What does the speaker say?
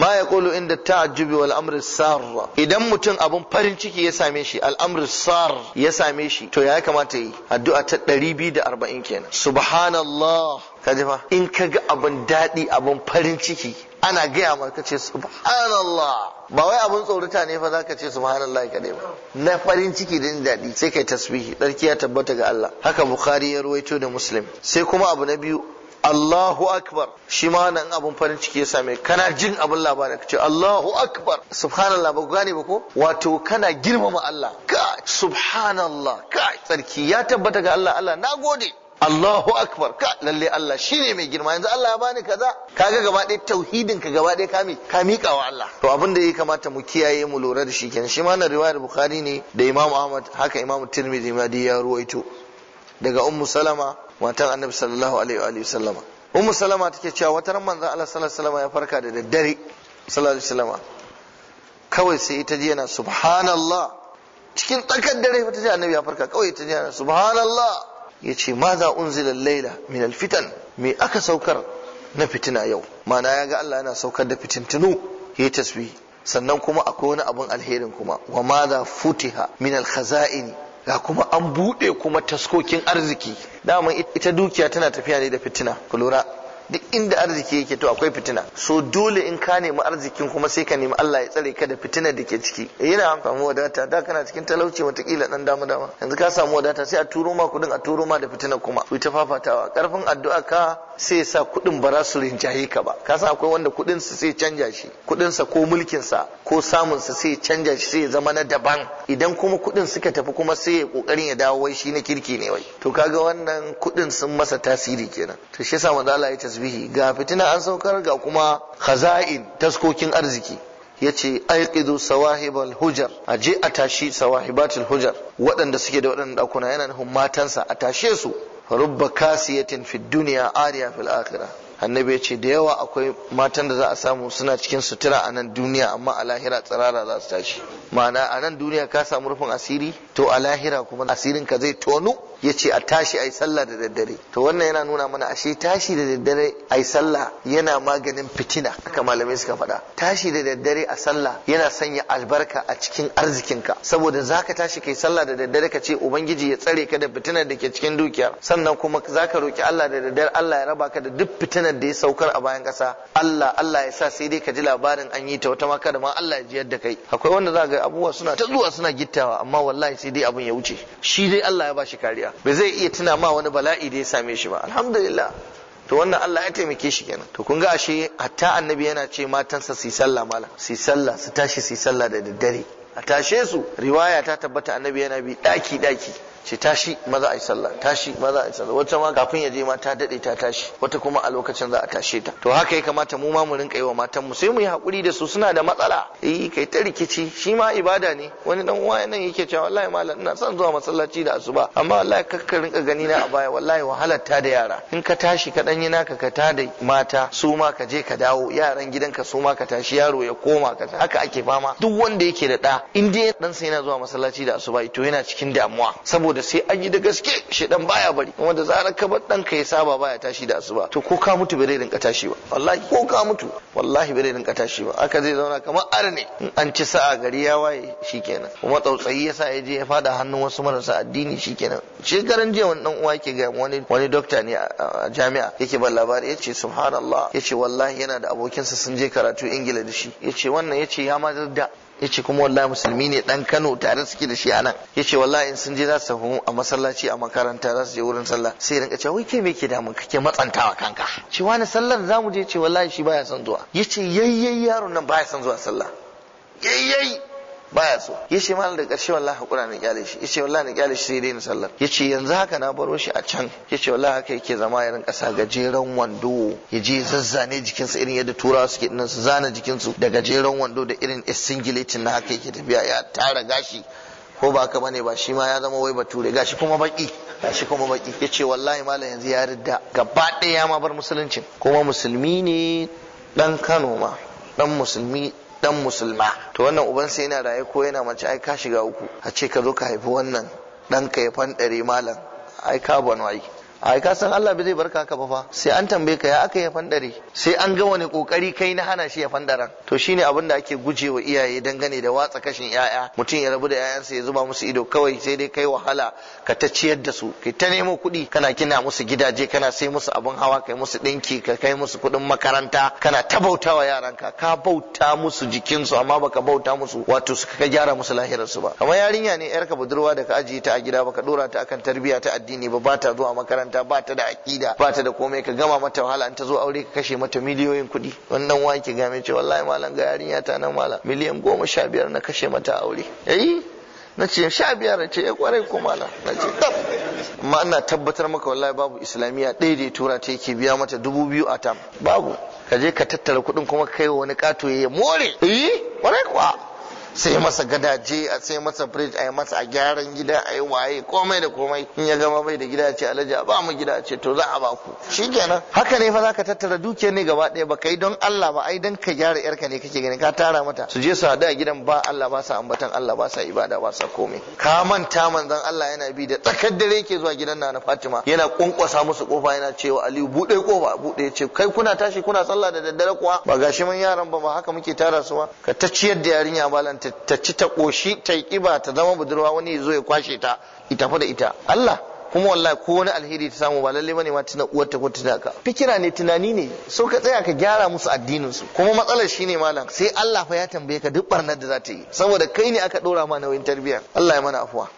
ma ya kulu inda ta wal amr sar idan mutum abin farin ciki ya same shi al sar ya same shi to ya kamata yi addu'a ta 240 kenan subhanallah kaji fa in ga abin daɗi abin farin ciki ana gaya ma ka ce subhanallah ba wai abin tsorata ne fa zaka ce subhanallah kadai ba na farin ciki din daɗi. sai kai tasbihi darki ya tabbata ga Allah haka bukari ya ruwaito da muslim sai kuma abu na biyu Allahu akbar shi ma nan abun farin ciki ya same kana jin abun labarin ka ce Allahu akbar subhanallah ba ku gane ba ko wato kana girmama Allah ka subhanallah ka tsarki ya tabbata ga Allah Allah nagode Allahu akbar ka lalle Allah shine mai girma yanzu Allah ya bani kaza kaga gaba ɗaya tauhidin ka gaba ɗaya kami ka mika wa Allah to abin da ya kamata mu kiyaye mu lura da shi kenan shi ma na riwayar Bukhari ne da Imam Ahmad haka Imam Tirmidhi ma ya ruwaito daga ummu salama watan annabi sallallahu alaihi wa sallama ummu salama take cewa watan manzo Allah sallallahu alaihi ya farka da daddare sallallahu alaihi sallama kawai sai ita ji yana subhanallah cikin tsakar dare ta ji annabi ya farka kawai ita ji yana subhanallah yace ma za unzila laila min alfitan me aka saukar na fitina yau mana ya ga Allah yana saukar da fitintunu yi tasbih sannan kuma akwai wani abun alherin kuma wa ma za futiha min alkhaza'ini ga kuma an buɗe kuma taskokin arziki daman ita dukiya tana tafiya ne da fitina ku lura duk inda arziki yake to akwai fitina so dole in ka nemi arzikin kuma sai ka nemi Allah ya tsare ka da fitinar da ke ciki eh, yana amfani wadata da kana cikin talauci watakila dan dama dama yanzu ka samu wadata sai a turo ma kudin a turo ma da fitina kuma su ta fafatawa karfin addu'a ka sai sa kudin ba za su rinjaye ka ba ka san akwai wanda kudin su sai canja shi kudin sa ko mulkin sa ko samun sa sai canja shi sai ya zama na daban idan kuma kudin suka tafi kuma sai ya kokarin ya dawo wai shi na kirki ne wai to kaga wannan kudin sun masa tasiri kenan to shi yasa manzo Allah ya tasbihi ga fitina an saukar ga kuma khaza'in taskokin arziki yace aiqidu sawahibal hujar aje a tashi sawahibatul hujar waɗanda suke da waɗannan ɗakuna yana nufin matansa a tashe su rubba kasiyatin fid dunya ariya fil akhirah annabi yace da yawa akwai matan da za a samu suna cikin sutura a nan duniya amma a lahira tsirara za su tashi ma'ana a nan duniya ka samu rufin asiri to a lahira kuma asirin ka zai tonu ya ce a tashi a yi sallah da daddare to wannan yana nuna mana ashe tashi da daddare a yi sallah yana maganin fitina haka malamai suka faɗa tashi da daddare a sallah yana sanya albarka a cikin arzikinka saboda zaka tashi kai sallah da daddare ka ce ubangiji ya tsare ka da fitinar da ke cikin dukiya sannan kuma zaka roki Allah da daddare Allah ya raba ka da duk fitinar da ya saukar a bayan ƙasa Allah Allah ya sa sai dai ka ji labarin an yi ta wata maka da ma Allah ya ji yadda kai akwai wanda zaka ga abubuwa suna ta zuwa suna gittawa amma wallahi sai sai dai abin ya wuce shi dai Allah ya bashi kariya ba zai iya tuna ma wani bala'i da ya same shi ba alhamdulillah to wannan Allah ya taimake shi kenan to kun ga ashe hatta annabi yana ce matansa su yi sallah mala, su yi sallah su tashi su yi sallah da daddare a tashe su riwaya ta tabbata annabi yana bi daki daki ce tashi maza a yi sallah tashi maza a yi sallah wata ma kafin ya je ma ta dade ta tashi wata kuma a lokacin za a tashe ta to haka ya kamata mu ma mu rinka yi wa matan mu sai mu yi hakuri da su suna da matsala eh kai ta rikici shi ma ibada ne wani dan uwa nan yake cewa wallahi malam ina son zuwa masallaci da asuba amma wallahi kakka rinka gani na a baya wallahi wahalar ta da yara in ka tashi ka danyi naka ka ta da mata su ma ka je ka dawo yaran gidanka su ma ka tashi yaro ya koma ka haka ake fama duk wanda yake da da Indiya in dai ɗansa yana zuwa masallaci da asuba to yana cikin damuwa saboda sai an yi da gaske shi dan baya bari kuma da zarar ka bar ka ya saba baya tashi da asuba to ko ka mutu bai rinka tashi ba wallahi ko ka mutu wallahi bai rinka tashi ba aka zai zauna kamar arne in an ci sa'a gari ya waye shikenan kuma tsautsayi yasa ya je ya fada hannun wasu marasa addini shikenan shekaran jiya wani dan uwa yake ga wani wani dokta ne a jami'a yake ban labari yace subhanallah yace wallahi yana da abokinsa sun je karatu ingila da shi yace wannan yace ya ma da yace kuma wallahi musulmi ne dan Kano tare suke da shi anan yace wallahi in sun je za su hu a masallaci a makaranta za su je wurin sallah sai rinka cewa wai ke me ke damun kake matsantawa kanka ce wani sallar zamu je ce wallahi shi baya son zuwa yace yayyay yaron nan baya son zuwa sallah yayyay baya so Ya ce malam da ƙarshe wallahi hakura na kyale shi yace wallahi na kyale shi sai dai na sallar yace yanzu haka na baro shi a can yace wallahi haka yake zama ya rinka ƙasa. gajeren wando ya je zazzane jikinsu irin yadda turawa suke dinnan su zana jikinsu da gajeren wando da irin singulating na haka yake tafiya ya tara gashi ko ba ka bane ba shi ma ya zama wai bature gashi kuma baki gashi kuma baki yace wallahi malam yanzu ya ridda gaba ɗaya ma bar musuluncin kuma musulmi ne dan Kano ma dan musulmi dan musulma to wannan ubansa yana raye ko yana mace ai ka shiga uku a ce ka zo ka haifi wannan ɗanka ya fanɗare malam ai ka banwai ai ka san Allah bai zai barka ka ba fa sai an tambaye ka ya aka ya fandare sai an ga wani kokari kai na hana shi ya fanɗaran. to shine abin da ake guje wa iyaye dangane da watsa kashin yaya mutum ya rabu da sa ya zuba musu ido kawai sai dai kai wahala ka ta ciyar da su kai ta nemo kuɗi kana kina musu gidaje kana sai musu abin hawa kai musu ɗinki ka kai musu kuɗin makaranta kana ta bautawa yaranka ka bauta musu jikinsu amma baka bauta musu wato suka ka gyara musu lahirarsu ba Kamar yarinya ne yarka budurwa da ka ajiye ta a gida baka dora ta akan tarbiyya ta addini ba ba ta zuwa makaranta makaranta ba ta da aƙida ba ta da komai ka gama mata wahala an ta zo aure ka kashe mata miliyoyin kuɗi wannan wa game ce wallahi malam ga yarinya ta nan malam miliyan goma sha biyar na kashe mata aure eh na ce sha biyar ce ya eh, kwarai ko malam na ce tab amma ina tabbatar maka wallahi babu islamiyya ɗaya da ya tura ta yake biya mata dubu biyu a tam babu ka je ka tattara kuɗin kuma kai wani ƙato ya more eh kwarai kuwa sai masa gadaje a sai masa fridge a yi masa a gyaran gida a yi waye komai da komai in ya gama bai da gida ce alhaji a ba mu gida ce to za a ba ku shikenan haka ne fa zaka tattara dukiyar ne gaba ɗaya ba yi don Allah ba ai dan ka gyara yarka ne kake gani ka tara mata su je su hada a gidan ba Allah ba sa ambatan Allah ba sa ibada ba sa komai ka manta manzon Allah yana bi da tsakar dare yake zuwa gidan nana Fatima yana kunkwasa musu kofa yana cewa Aliyu bude kofa bude ce kai kuna tashi kuna sallah da daddare kuwa ba gashi mun yaran ba ma haka muke tara su ba ka ta ciyar da yarinya balanta ta ci ta ƙoshi ta yi ƙiba ta zama budurwa wani zo ya kwashe ta ita fa da ita Allah kuma wallahi ko wani alheri ta samu ba lalle bane ma tana uwar ta ko tana ka fikira ne tunani ne so ka tsaya ka gyara musu addinin su kuma matsalar shine malam sai Allah fa ya tambaye ka duk barnar da za ta yi saboda kai ne aka dora ma nauyin tarbiyya Allah ya mana afuwa